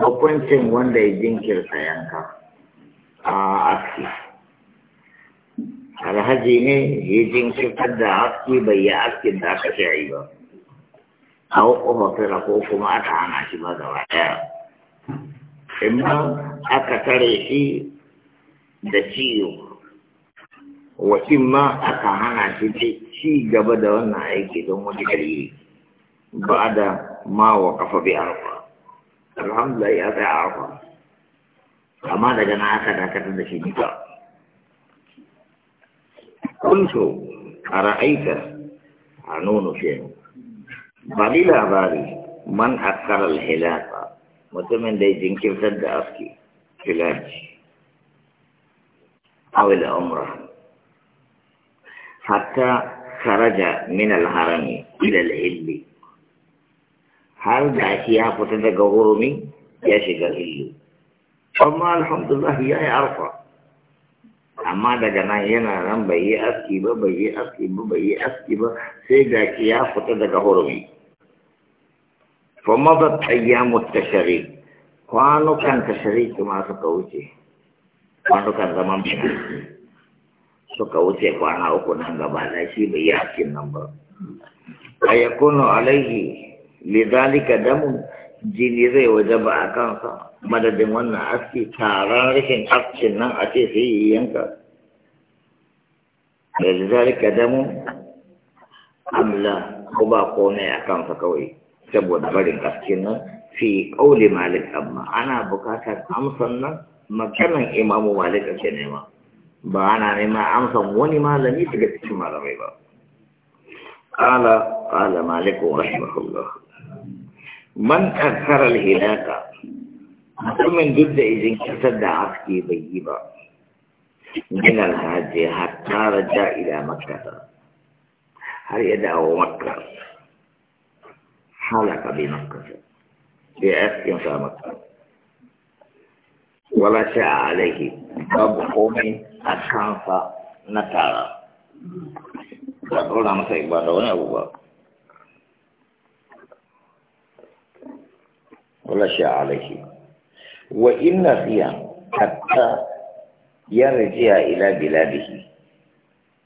hukuncin wanda ya jinkirta yanka a aski alhaji ne ya jinkirta da aski bai yi askin da aka yi ba a hukun hafira ko kuma aka hana shi ba gaba ɗaya in aka tare shi da ciwo wa ma aka hana shi da ci gaba da wannan aiki don wani dalili ba da ma wa kafa bi arfa alhamdulillah ya tsaya arfa amma daga na aka dakatar da shi duka kuntu a ra'aika a nono fiye ba ni labari man akarar hilaka mutumin da ya jinkirtar da aski filaji awil umra hatta kharaja min al-harami ila al har da shi ya fita daga hurumi ya shiga hillu amma alhamdulillah ya yi arfa amma daga nan yana nan bai yi aski ba bai yi aski ba bai yi aski ba sai da shi ya fita daga hurumi fa madat ayyamu shari! kwanukan ta shari kuma suka wuce kwanukan zaman bina suka wuce kwana uku nan gaba da shi bai yi askin nan ba A ayakunu alaihi lidhalika damun jini zai waje ba a kansa madadin wannan aski taron rikin askin nan a ce sai yi yanka da lidhalika damun amla ko ba komai a kansa kawai saboda barin askin nan fi kauli malik amma ana bukatar amsan nan makanan imamu malik ake nema ba ana nema amsan wani malami daga cikin malamai ba قال قال مالك رحمه الله من أكثر الهلاكة ومن جد إذا انكسد عفكي بيبا من الهاج حتى رجع إلى مكة هل يدعو مكة حلق بمكة بعفك في مكة ولا شاء عليه بابهم أكثر نتارا Kalau nama saya ibadah, ini Abu غشى عليه وإن فيها حتى يرجع إلى بلاده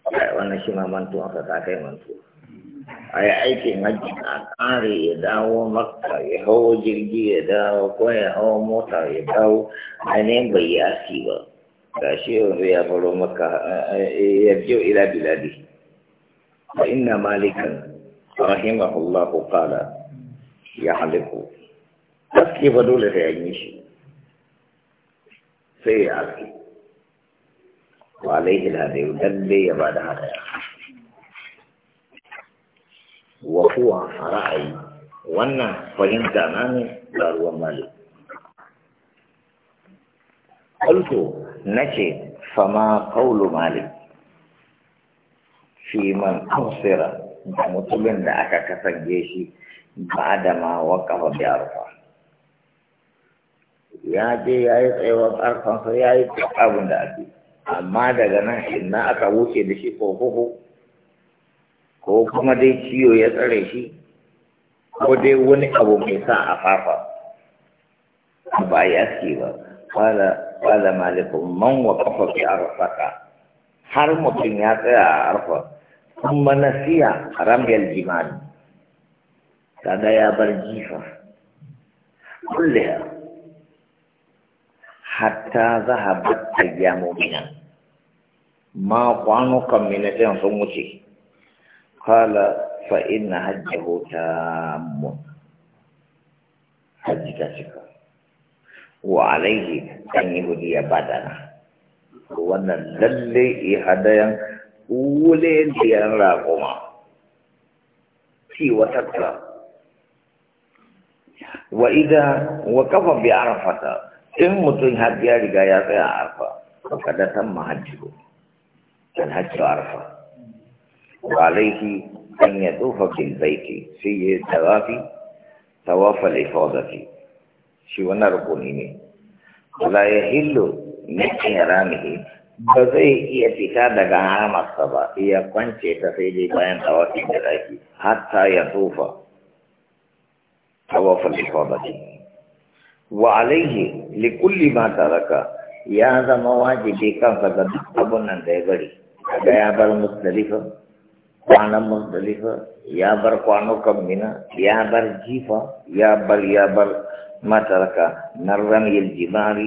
wannan shi ma mantu mantuwansa ta kai mantu? a yi aikin hajji a ƙare ya dawo makka ya hau jirgi ya dawo ko ya hau mota ya dawo ainihin bai ya asi ba ga shi yanzu ya faro makka eh, eh, ya jiyo ila biladi fa inna malikan rahimahullahu qala ya haliku حتى كيف دول غيانيشي سي عالي وعليه الهدي ودلي يبعد هذا وهو رأي وانا فهمت اماني دار ومالي قلت نجي فما قول مالي في من أبصر ومطلن لأكا كفنجيشي بعدما وقف بأرفع ya je ya yi tsayuwar ƙarfansa ya yi abin da ake amma daga nan inna aka wuce da shi ko ko kuma dai ciwo ya tsare shi ko dai wani abu mai sa a fafa ba ya ce ba kwada malikun man wa kafa fi arfaka har mutum ya tsaya a arfa kuma nasiya ramyar jimani kada ya bar jifa kulliya hatta zahabat ayyamu minan ma kwanukan minatin sun wuce kala fa inna hajjahu tammun hajji ta cika wa alaihi an yi hudiya badana wannan lalle ihadayan wule diyan raƙuma fi wata wa ida wa kafa bi arafata in mutum har ya riga ya tsaya a arfa ba ka da san mahajjiro kan hajji arfa wa laifi an ya tsofa bil baiti sai ya yi tawafi tawafa laifazati shi wannan rukuni ne wala ya hillo min ihramihi ba zai iya fita daga haramarsa ba iya kwance ta sai dai bayan tawafi da zaki hatta ya tsofa tawafa laifazati وعليه لكل ما ترك يا ذا مواجب كان فقد ابن دغري يا بر مختلفة وانا مختلفة يا بر قانو كمنا يا بر جيفا يا بر يا بر ما ترك نرن الجمار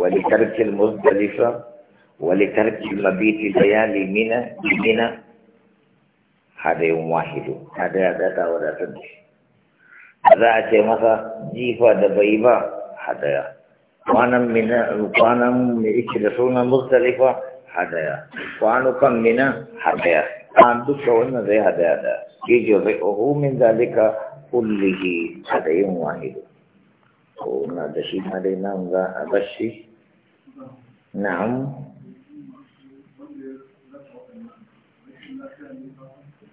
ولترك المختلفة ولترك المبيت ليالي منا منا هذا يوم واحد هذا هذا هذا za a ce masa jifa da bai ba hadaya kwanan mina kwanan mai ike da sunan mustalifa hadaya kwanukan mina hadaya an duka wannan zai hadaya da yake zai ohu min zalika kullihi hadayin wahidu ko na da shi ma dai nan za a bashi na'am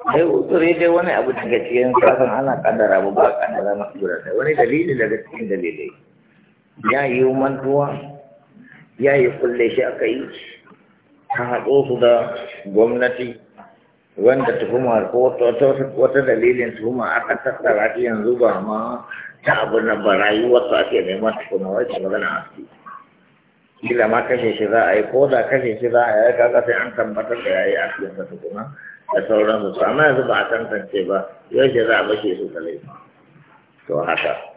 sai uzuri dai wani abu daga cikin safin ana kaddara ba ba da masu gudanar wani dalili daga cikin dalilai ya yi mantuwa ya yi kulle shi aka yi ta haɗo su da gwamnati wanda tuhuma ko wata dalilin tuhuma aka tattara shi yanzu ba ma ta abu na ba rayuwarsa ake neman tuhuma wai ta magana haske? kila ma kashe shi za a yi ko da kashe shi za a yi kaga sai an tabbatar da ya yi askinsa tukuna da sauransu amma yanzu ba a tantance ba yau ke za a bashe su kalai to haka